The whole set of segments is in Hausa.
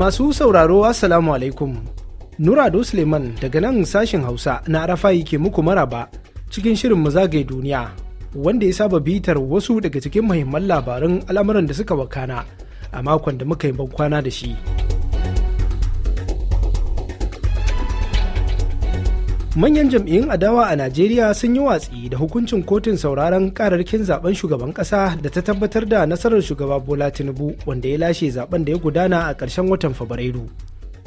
Masu sauraro Assalamu alaikum. Nurado Suleiman daga nan sashen Hausa na Arafai ke muku maraba cikin shirin zagaye duniya wanda ya saba bitar wasu daga cikin muhimman labarin al'amuran da suka wakana a makon da muka yi kwana da shi. manyan jam'iyyun adawa a najeriya sun yi watsi da hukuncin kotun sauraron kararkin zaben shugaban kasa da ta tabbatar da nasarar shugaba bola tinubu wanda ya lashe zaben da ya gudana a ƙarshen watan fabrairu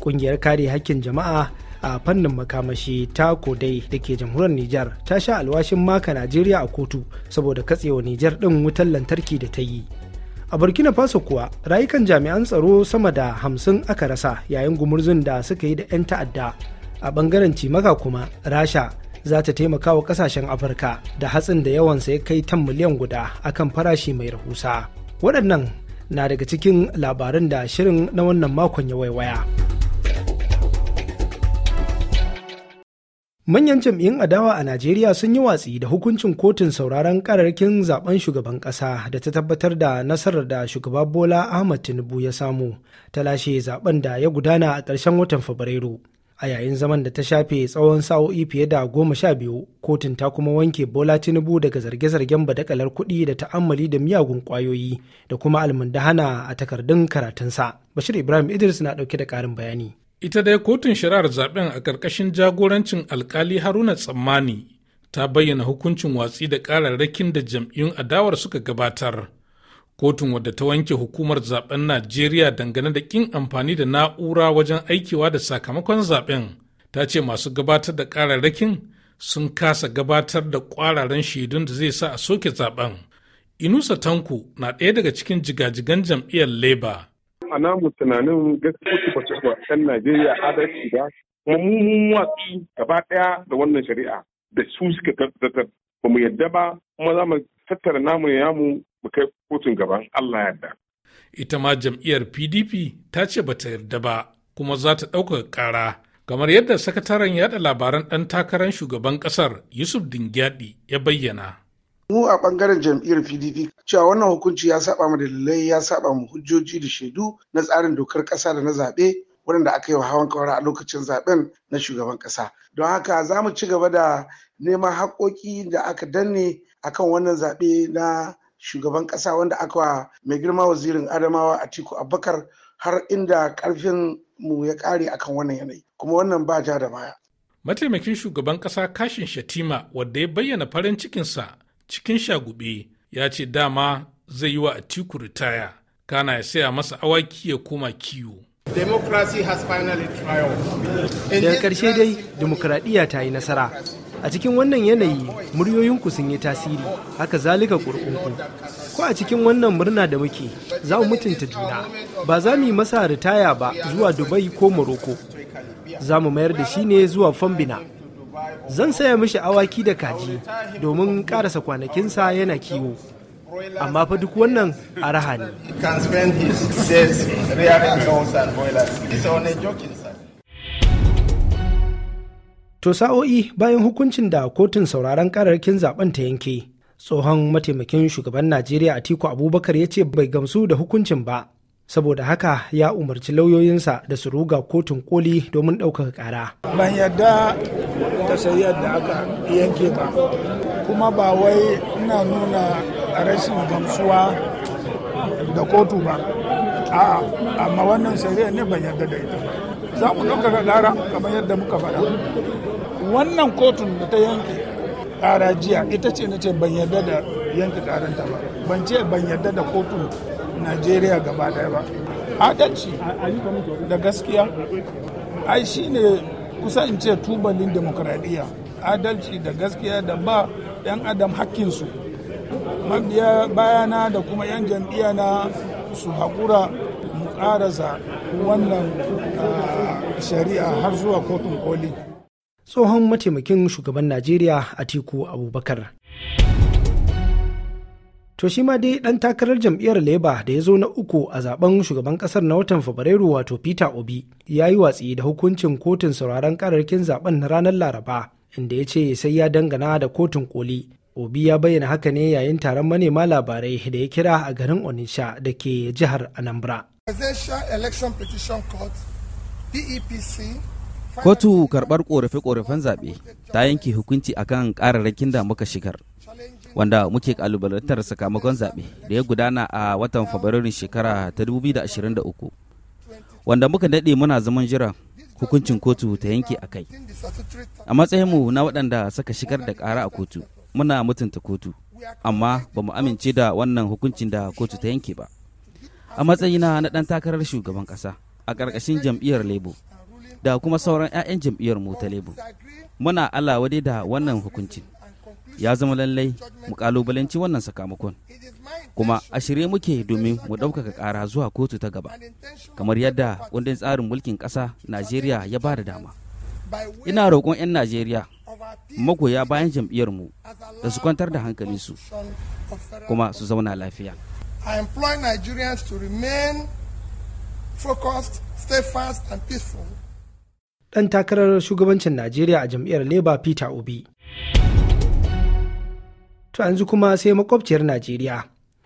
ƙungiyar kare hakkin jama'a a fannin makamashi ta kodai da ke jamhuriyar nijar ta sha alwashin maka najeriya a kotu saboda katsewa nijar ɗin wutar lantarki da ta yi a burkina faso kuwa rayukan jami'an tsaro sama da hamsin aka rasa yayin gumurzun da suka yi da 'yan ta'adda a bangaren cimaka kuma rasha za ta taimaka wa kasashen afirka da hatsin da yawansa ya kai tan miliyan guda akan farashi mai rahusa waɗannan na daga cikin labarin da shirin na wannan makon ya waiwaya manyan jam'iyyun adawa a najeriya sun yi watsi da hukuncin kotun sauraron kararrakin zaben shugaban ƙasa da ta tabbatar da nasarar da shugaba bola ahmad tinubu ya samu ta lashe zaben da ya gudana a ƙarshen watan fabrairu a yayin zaman da ta shafe tsawon sa'o'i fiye da goma sha biyu kotun ta kuma wanke bola tinubu daga zarge-zargen badakalar kuɗi da ta'ammali da miyagun ƙwayoyi da kuma almundahana a takardun karatunsa bashir ibrahim idris na ɗauke da ƙarin bayani ita dai kotun shari'ar zaben a ƙarƙashin jagorancin alkali haruna tsammani ta bayyana hukuncin watsi da ƙararrakin da jam'iyyun adawar suka gabatar kotun wadda ta wanke hukumar zaben najeriya dangane da kin amfani da na'ura wajen aikiwa da sakamakon zaben ta ce masu gabatar da kararrakin sun kasa gabatar da kwararan shaidun da zai sa a soke zaben inusa tanku na ɗaya daga cikin jigajigan jam'iyyar labour a namu tunanin gaskiya najeriya adalci ba kuma mu watsi gaba ɗaya da wannan shari'a da su suka tabbatar ba mu yadda ba kuma za mu tattara namu ya yamu mu kai kotun gaban Allah yarda. Ita ma jam'iyyar PDP ta ce ba ta yarda ba kuma za ta ɗaukaka ƙara kamar yadda sakataren yaɗa labaran ɗan takarar shugaban ƙasar Yusuf Dingyadi ya bayyana. Mu a ɓangaren jam'iyyar PDP cewa wannan hukunci ya saba mu dalilai ya saba mu hujjoji da shaidu na tsarin dokar ƙasa da na zaɓe waɗanda aka yi wa hawan kawara a lokacin zaɓen na shugaban ƙasa. Don haka za mu ci gaba da neman haƙoƙi da aka danne akan wannan zaɓe na shugaban ƙasa wanda aka wa mai girma wazirin adamawa a tiku abubakar har inda ƙarfin mu ya ƙare akan wannan yanayi kuma wannan ba ja da baya mataimakin shugaban ƙasa kashin shatima wadda ya bayyana farin cikinsa cikin shagube ya ce dama zai yi wa Tiku ritaya kana ya saya masa awaki ya koma kiwo daga ƙarshe dai demokradiyya ta yi nasara a cikin wannan yanayi muryoyinku sun yi tasiri haka zalika ƙurƙunku ko a cikin wannan murna da muke za mu mutunta juna ba za mu yi masa ritaya ba zuwa dubai ko morocco za mu mayar da shi ne zuwa fambina zan saya mishi awaki da kaji domin ƙarasa kwanakinsa yana kiwo amma fa duk wannan a raha To sa'o'i bayan hukuncin da kotun sauraron kararrakin zaben ta yanke, tsohon mataimakin shugaban Najeriya Atiku Abubakar ya ce bai gamsu da hukuncin ba, saboda haka ya umarci lauyoyinsa da su ruga kotun koli domin ɗaukaka ƙara. Ban yadda ta sayi yadda aka yanke ba, kuma ba wai ina nuna rashin gamsuwa da kotu ba, a'a amma wannan ne ban yadda da ita ba. za mu ɗaukaka ƙara kamar yadda muka faɗa wannan kotun da ta yanke ƙara jiya ita ce na ce ban yarda da yanke ƙaranta ba ban ce ban yarda da kotun najeriya gaba ɗaya ba adalci da gaskiya ai shine kusa in ce tubalin demokuraɗiyya adalci da gaskiya da ba 'yan adam hakkinsu mabiya bayana da kuma 'yan jam'iyya na su haƙura karasa wannan ah, shari'a har zuwa kotun koli tsohon mataimakin shugaban najeriya tiku abubakar To shi ma dai ɗan takarar jam'iyyar leba da ya zo na uku a zaben shugaban ƙasar na watan Fabrairu wato Peter Obi ya yi watsi da hukuncin kotun sauraron ƙararrakin zaben na ranar Laraba inda ya ce sai ya dangana da kotun koli. Obi ya bayyana haka ne yayin taron manema labarai da ya kira a garin Onisha da ke jihar Anambra. Presidential Election Petition Court, PEPC, Kotu karɓar ƙorafe-ƙorafen zaɓe ta yanke hukunci akan ƙararrakin da muka shigar, wanda muke ƙalubalantar sakamakon zaɓe da ya gudana a watan Fabrairun shekara ta 2023, wanda muka daɗe muna zaman jira hukuncin kotu ta yanke a kai. A matsayinmu na waɗanda suka shigar da ƙara a kotu, muna mutunta kotu, amma ba mu amince da wannan hukuncin da kotu ta yanke ba. a matsayina na ɗan takarar shugaban ƙasa a ƙarƙashin jam'iyyar lebu. da kuma sauran 'ya'yan jam'iyyar mu ta lebo Muna Allah wadai da wannan hukuncin. Ya zama lallai mu kalubalanci wannan sakamakon. Kuma a shirye muke domin mu ɗaukaka ƙara zuwa kotu ta gaba, kamar yadda kundin tsarin mulkin ƙasa Najeriya ya ba da dama. Ina roƙon 'yan Najeriya magoya bayan jam'iyyar mu da su kwantar da hankalinsu kuma su zauna lafiya. I employ Nigerians to remain focused, steadfast and peaceful. Ɗan takarar shugabancin Najeriya a jam'iyyar Labour Peter Obi. To yanzu kuma sai makwabciyar Najeriya,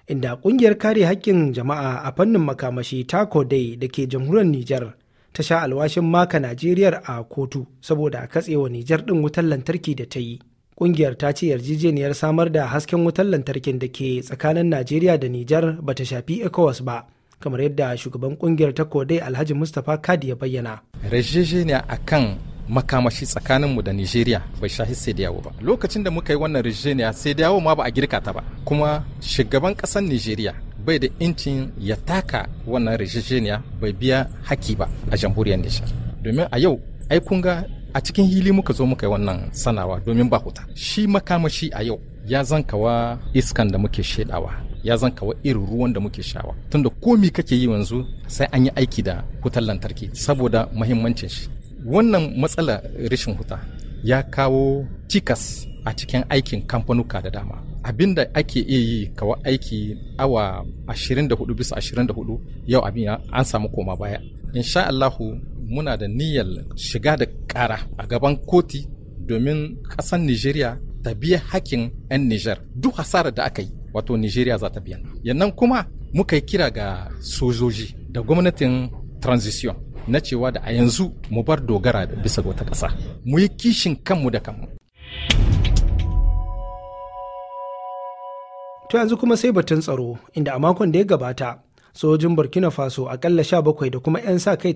inda ƙungiyar kare haƙƙin jama'a a fannin makamashi Tako Kodai da ke jamhuriyar Nijar ta sha alwashin maka Najeriyar a kotu saboda katsewa Nijar ɗin wutar lantarki da ta yi. Kungiyar ta ce yarjejeniyar samar da hasken wutar lantarkin da ke tsakanin Najeriya da Nijar ba ta shafi ECOWAS ba, kamar yadda shugaban kungiyar ta kodai Alhaji Mustapha Kadi ya bayyana. Yarjejeniya kan makamashi tsakanin mu da nijeriya bai shahi sai da yawo ba. Lokacin da muka yi wannan yarjejeniya sai da yawo ma ba a girka ta ba. Kuma shugaban ƙasar nijeriya bai da incin ya taka wannan yarjejeniya bai biya haki ba a jamhuriyar Nijar. Domin a yau ai kun ga a cikin hili muka zo muka yi wannan sanawa domin ba huta shi makamashi a yau ya zankawa iskan da muke shaidawa ya zankawa irin ruwan da muke shawa tunda komi kake yi yanzu sai an yi aiki da hutar lantarki saboda mahimmancin shi wannan matsala rashin huta ya kawo cikas a cikin aikin kamfanuka da dama abin da ake iya yi kawa aiki awa 24 bisa 24 yau abin an samu koma baya insha Allahu muna da niyyar shiga da ƙara a gaban koti domin ƙasar Nijeriya ta biya hakkin 'yan Nijar duk hasarar da aka yi wato Nijeriya za ta biya. Yannan kuma muka yi kira ga sojoji da gwamnatin transition na cewa da a yanzu mu bar dogara da bisa wata ƙasa. Mu yi kishin kanmu da kanmu. To yanzu kuma sai batun tsaro inda a makon da ya gabata sojin burkina faso akalla bakwai da kuma 'yan sa kai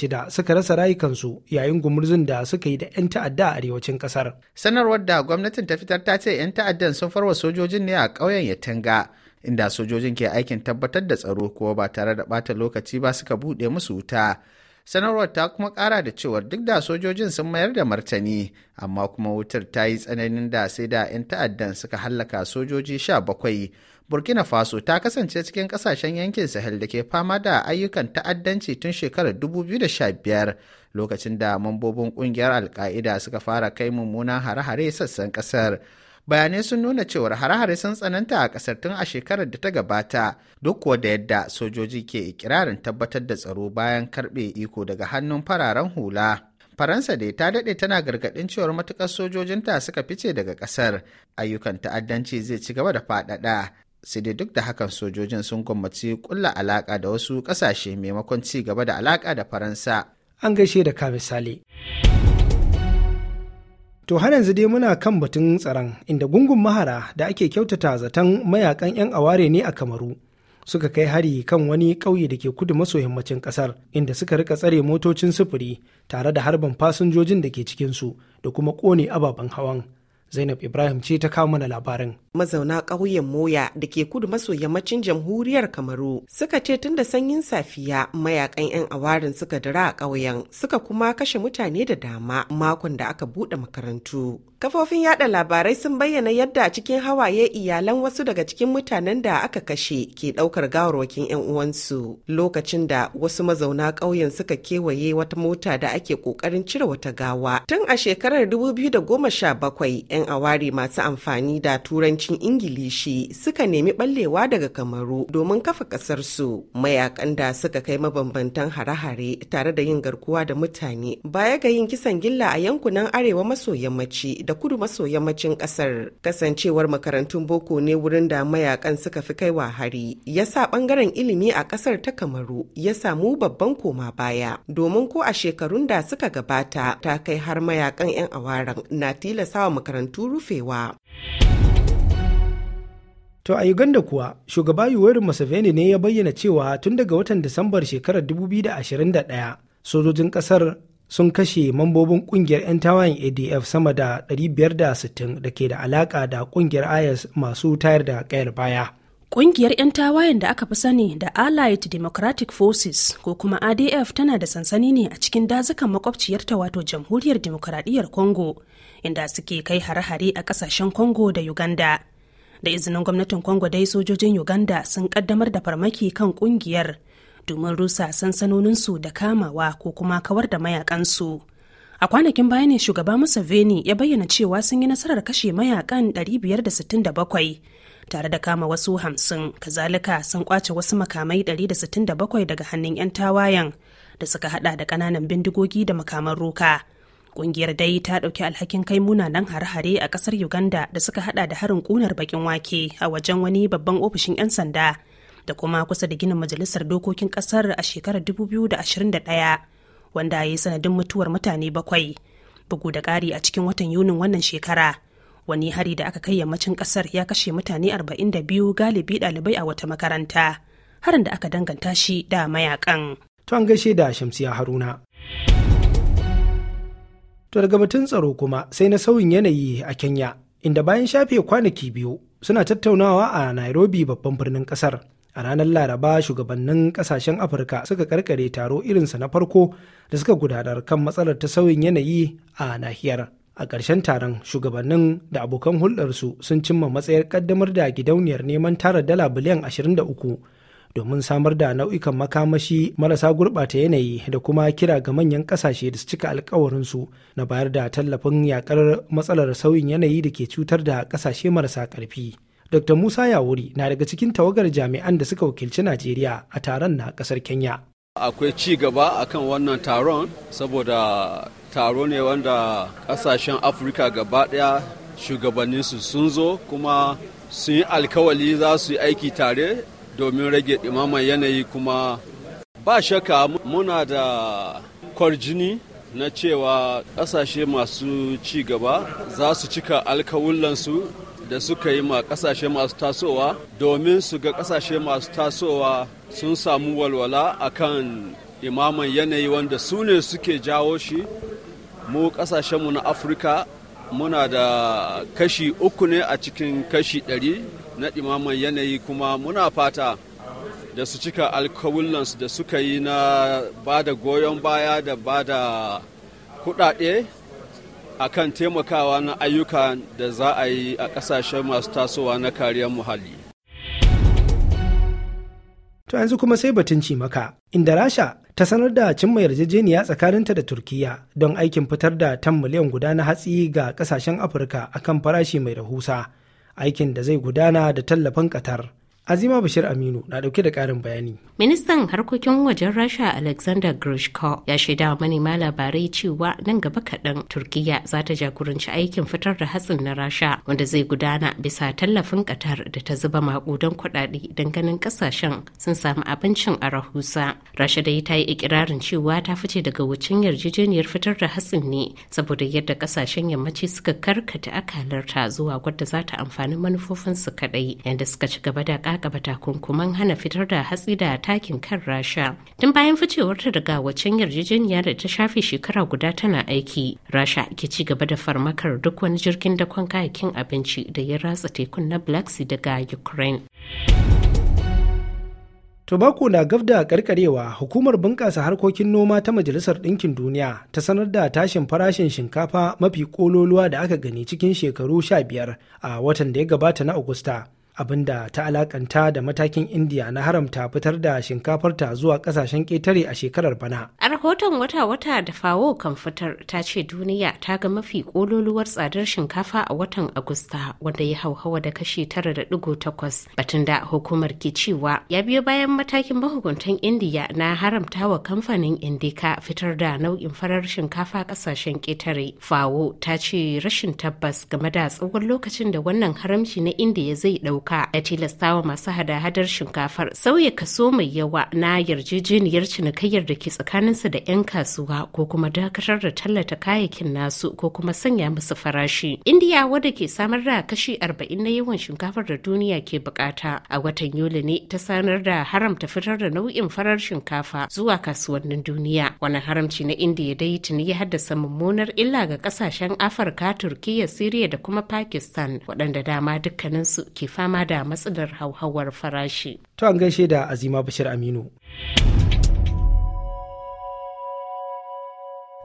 shida suka rasa rayukansu yayin gumurzun da suka yi da 'yan ta'adda a arewacin kasar sanarwar da gwamnatin ta fitar ta ce 'yan ta'addan sun farwa sojojin ne a ƙauyen yatanga inda sojojin ke aikin tabbatar da tsaro kuwa ba tare da bata lokaci ba suka buɗe musu wuta sanarwar ta kuma kara da cewar duk da sojojin sun mayar da martani amma kuma wutar ta yi tsananin da sai da 'yan ta'addan suka hallaka sojoji sha bakwai burkina faso ta kasance cikin kasashen yankin sahel da ke fama da ayyukan ta'addanci tun shekarar 2015 lokacin da mambobin kungiyar alka'ida suka fara kai mummunan hare-hare sassan kasar bayanai sun nuna cewar hare-hare sun tsananta a kasar tun a shekarar da ta gabata duk kuwa da yadda sojoji ke ikirarin tabbatar da tsaro bayan karbe iko daga hannun fararen hula faransa dai ta daɗe tana gargaɗin cewar matukar sojojinta suka fice daga ƙasar ayyukan ta'addanci zai ci gaba da faɗaɗa sai dai duk da hakan sojojin sun gwammaci kulla alaƙa da wasu ƙasashe maimakon ci gaba da alaƙa da faransa an gaishe da ka misali To har yanzu dai muna kan batun tsaron inda gungun mahara da ake kyautata zaton mayakan 'yan aware ne a Kamaru suka kai hari kan wani ƙauye da ke kudu maso yammacin ƙasar inda suka rika tsare motocin sufuri tare da harban fasinjojin da ke cikinsu da kuma ƙone ababen hawan. Zainab Ibrahim ce ta kawo mana labarin. Mazauna ƙauyen Moya da ke kudu maso yammacin jamhuriyar Kamaru suka ce tun da sanyin safiya mayakan 'yan awarin suka dira a ƙauyen suka kuma kashe mutane da dama makon da aka buɗe makarantu. Kafofin yada labarai sun bayyana yadda cikin hawaye iyalan wasu daga cikin mutanen da aka kashe ke ɗaukar gawarwakin 'yan uwansu lokacin da wasu mazauna ƙauyen suka kewaye wata mota da ake ƙoƙarin cire wata gawa. Tun a shekarar 2017 'yan aware masu amfani da turancin ingilishi suka nemi ɓallewa daga kamaru domin kafa ƙasarsu mayakan da suka kai mabambantan hare-hare tare da yin garkuwa da mutane baya ga yin kisan gilla a yankunan arewa maso yammaci da kudu maso yammacin ƙasar kasancewar makarantun boko ne wurin da mayakan suka fi kaiwa hari yasa ɓangaren ilimi a ƙasar ta kamaru ya samu babban koma baya domin ko a shekarun da suka gabata ta kai har mayakan 'yan awaren na tilasawa wa makarantu rufewa. To a Uganda kuwa, shugaba Yoweri Museveni ne ya bayyana cewa tun daga watan Disambar shekarar 2021 sojojin kasar sun kashe mambobin kungiyar 'yan tawayen ADF sama da 560 da ke da alaka da kungiyar IS masu tayar da kayar baya. Ƙungiyar 'yan tawayen da aka fi sani da Allied Democratic Forces ko kuma ADF tana da sansani ne a cikin dazukan makwabciyarta wato Jamhuriyar Demokuraɗiyyar Congo, inda suke kai hare-hare a ƙasashen Congo da Uganda. Da izinin gwamnatin Congo dai sojojin Uganda sun ƙaddamar da farmaki kan ƙungiyar domin rusa sansanoninsu da kamawa ko kuma kawar da mayakansu. A kwanakin baya ne shugaba Museveni ya bayyana cewa sun yi nasarar kashe mayakan 567 tare da kama wasu hamsin kazalika sun kwace wasu makamai 167 daga hannun 'yan tawayen da suka hada da kananan bindigogi da makaman roka Ƙungiyar dai ta ɗauki alhakin kai munanan hare-hare a ƙasar uganda da suka hada da harin kunar bakin wake a wajen wani babban ofishin 'yan sanda da kuma kusa da ginin majalisar dokokin ƙasar a shekarar 2021 wanda ya yi sanadin mutuwar mutane bakwai bugu da ƙari a cikin watan yunin wannan shekara wani hari da aka kai yammacin kasar ya kashe mutane 42 galibi ɗalibai a wata makaranta harin da aka danganta shi da mayakan. To an gaishe da Shamsiya Haruna. To daga batun tsaro kuma sai na sauyin yanayi a Kenya inda bayan shafe kwanaki biyu suna tattaunawa a Nairobi babban birnin kasar. A ranar Laraba shugabannin kasashen Afirka suka karkare taro irinsa na farko da suka gudanar kan matsalar ta sauyin yanayi a nahiyar. a ƙarshen taron shugabannin da abokan hulɗarsu sun cimma matsayar ƙaddamar da gidauniyar neman tara dala biliyan 23 domin samar da nau'ikan makamashi marasa gurɓata yanayi da kuma kira ga manyan ƙasashe da su cika alkawarinsu na bayar da tallafin yakar matsalar sauyin yanayi da ke cutar da ƙasashe marasa ƙarfi. Dr. Musa Yawuri na daga cikin tawagar jami'an da suka wakilci Najeriya a taron na ƙasar Kenya. akwai ci gaba akan wannan taron saboda taro ne wanda kasashen afirka gaba daya shugabanninsu sun zo kuma sun yi alkawali za su yi aiki tare domin rage ɗimaman yanayi kuma ba shaka muna da kwarjini na cewa ƙasashe masu ci gaba za su cika alkawulansu. da suka yi ma kasashe masu tasowa domin su ga kasashe masu tasowa sun samu walwala a kan imaman yanayi wanda su ne suke jawo shi mu kasashenmu na afirka muna da kashi uku ne a cikin kashi ɗari na imaman yanayi kuma muna fata da su cika alkawulansu da suka yi na ba da goyon baya da ba da kuɗaɗe akan taimakawa na ayyuka da za a yi a ƙasashe masu tasowa na kariyar muhalli. To yanzu kuma sai batun cimaka, inda Rasha ta sanar da cimma yarjejeniya tsakaninta da Turkiyya don aikin fitar da tan miliyan guda na hatsi ga ƙasashen Afirka akan farashi mai rahusa, aikin da zai gudana da tallafin Qatar. Azima Bashir Aminu na dauke da karin bayani. Ministan harkokin wajen Rasha Alexander Grushko ya shaida wa manema labarai cewa nan gaba kaɗan Turkiya za ta jagoranci aikin fitar da hatsin na Rasha wanda zai gudana bisa tallafin Qatar da ta zuba maƙudan kuɗaɗe don ganin ƙasashen sun samu abincin a rahusa. Rasha dai ta yi ikirarin cewa ta fice daga wucin yarjejeniyar fitar da hatsin ne saboda yadda ƙasashen yammaci suka karkata akalarta zuwa wadda za ta amfani manufofinsu kaɗai yadda suka ci gaba da kakaba takunkuman hana fitar da hatsi da takin kan rasha tun bayan ficewar ta daga waccan yarjejeniya da ta shafe shekara guda tana aiki rasha ke ci gaba da farmakar duk wani jirgin dakon kayakin abinci da ya ratsa tekun na black sea daga ukraine Tobacco na gab da karkarewa hukumar bunƙasa harkokin noma ta Majalisar Ɗinkin Duniya ta sanar da tashin farashin shinkafa mafi ƙololuwa da aka gani cikin shekaru 15 a watan da ya gabata na Agusta. abinda ta alakanta da matakin indiya na haramta fitar da shinkafarta zuwa kasashen ƙetare a shekarar bana a rahoton wata-wata da fawo kan fitar ta ce duniya ta ga mafi ƙololuwar tsadar shinkafa a watan agusta wanda ya hau hawa da kashi 9.8 batun da hukumar ke cewa ya biyo bayan matakin mahukuntan indiya na haramta wa kamfanin indika fitar da nau'in farar shinkafa kasashen ƙetare fawo ta ce rashin tabbas game da tsawon lokacin da wannan haramci na indiya zai ɗauka amurka ya tilastawa masu hada-hadar shinkafar sauya kaso mai yawa na yarjejeniyar cinikayyar da ke tsakaninsu da 'yan kasuwa ko kuma dakatar da tallata kayayyakin nasu ko kuma sanya musu farashi indiya wadda ke samar da kashi 40 na yawan shinkafar da duniya ke bukata a watan yuli ne ta sanar da haramta fitar da nau'in farar shinkafa zuwa kasuwannin duniya wani haramci na indiya dai tuni ya haddasa mummunar illa ga kasashen afirka turkiya siriya da kuma pakistan waɗanda dama dukkaninsu ke fama fama da matsalar hauhawar farashi. To an gaishe da Azima Bashir Aminu.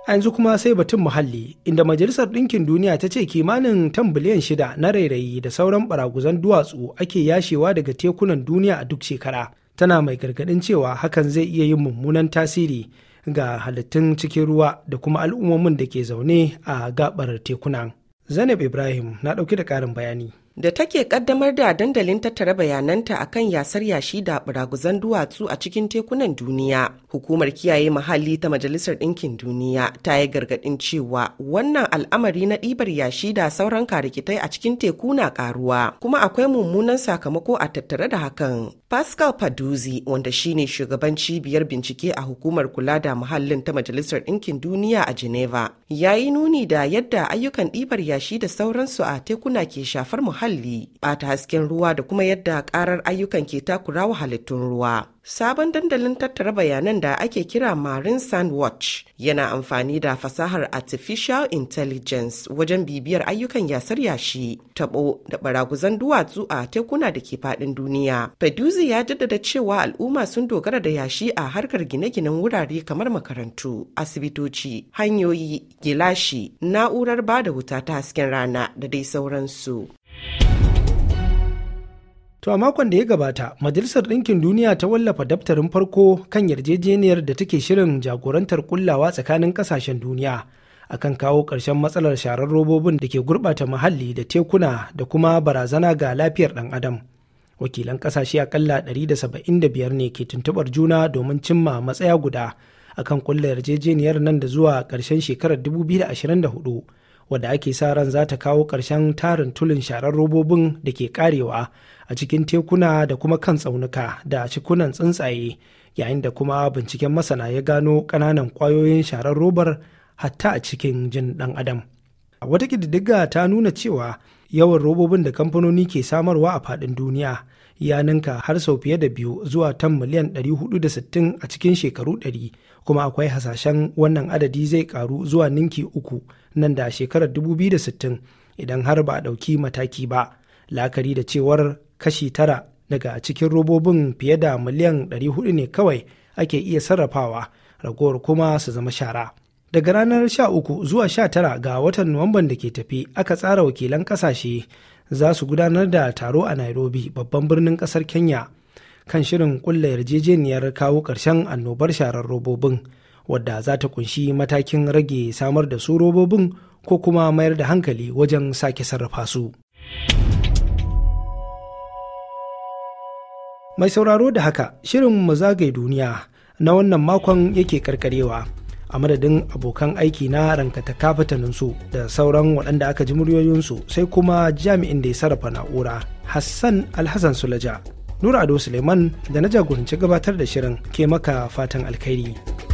A yanzu kuma sai batun muhalli, inda Majalisar Ɗinkin Duniya ta ce kimanin tan biliyan shida na rairayi da sauran baraguzan duwatsu ake yashewa daga tekunan duniya a duk shekara. Tana mai gargaɗin cewa hakan zai iya yin mummunan tasiri ga halittun cikin ruwa da kuma al'ummomin da ke zaune a gaɓar tekunan. Zainab Ibrahim na ɗauki da ƙarin bayani. da take kaddamar da dandalin tattara bayananta akan yasar yashi da buraguzan duwatsu a cikin tekunan duniya hukumar kiyaye mahalli ta majalisar ɗinkin duniya ta yi gargaɗin cewa wannan al'amari na ɗibar yashi da sauran karikitai a cikin teku na karuwa kuma akwai mummunan sakamako a tattare da hakan Pascal Paduzi wanda shine shugaban cibiyar bincike a hukumar kula da muhallin ta Majalisar Ɗinkin Duniya a Geneva ya yi nuni da yadda ayyukan ɗibar yashi da sauransu a tekuna ke shafar muhalli, ɓata hasken ruwa da kuma yadda ƙarar ayyukan ke takurawa halittun ruwa. Sabon dandalin tattara bayanan da ake kira Marine Sand yana amfani da fasahar Artificial Intelligence wajen bibiyar ayyukan yasar yashi, tabo da baraguzan duwatsu a tekuna da ke faɗin duniya. Peduzi ya jaddada cewa al'umma sun dogara da yashi a harkar gine-ginen wurare kamar makarantu, asibitoci, hanyoyi, gilashi, na'urar bada wuta ta hasken rana da dai sauransu. To a makon da ya gabata, Majalisar Ɗinkin Duniya ta wallafa daftarin farko kan yarjejeniyar da take shirin jagorantar kullawa tsakanin ƙasashen duniya akan kawo ƙarshen matsalar sharar robobin da ke gurɓata muhalli da tekuna da kuma barazana ga lafiyar ɗan adam. Wakilan ƙasashe aƙalla biyar ne ke tuntuɓar juna domin cimma matsaya guda akan kulla yarjejeniyar nan da zuwa ƙarshen shekarar 2024. wadda ake sa ran za ta kawo ƙarshen tarin tulin sharar robobin da ke karewa a cikin tekuna da kuma kan tsaunuka da cikunan tsuntsaye yayin da kuma binciken masana ya gano ƙananan ƙwayoyin sharar robar hatta a cikin jin ɗan adam wata ƙididdiga ta nuna cewa yawan robobin da kamfanoni ke samarwa a faɗin duniya ya ninka har sau fiye da biyu zuwa tan miliyan 460 a cikin shekaru 100 kuma akwai hasashen wannan adadi zai karu zuwa ninki uku nan da shekarar 2060 idan har ba a ɗauki mataki ba la'akari da cewar kashi tara daga cikin robobin fiye da miliyan 400 ne kawai ake iya sarrafawa ragowar kuma su zama shara. Daga ranar 13 zuwa 19 ga watan Nuwamban da ke tafi aka tsara wakilan kasashe za su gudanar da taro a nairobi babban birnin kasar kenya kan shirin kulla yarjejeniyar kawo ƙarshen annobar sharar robobin wadda za ta kunshi matakin rage samar da su robobin ko kuma mayar da hankali wajen sake sarrafa su. Mai sauraro da haka shirin mu zagaye duniya na wannan makon yake karkarewa. a madadin abokan aiki na rankata kafatanansu da sauran waɗanda aka ji muryoyinsu sai kuma jami'in da ya sarrafa na'ura hassan alhassan sulaja nura ado suleiman da na jagoranci gabatar da shirin ke maka fatan alkhairi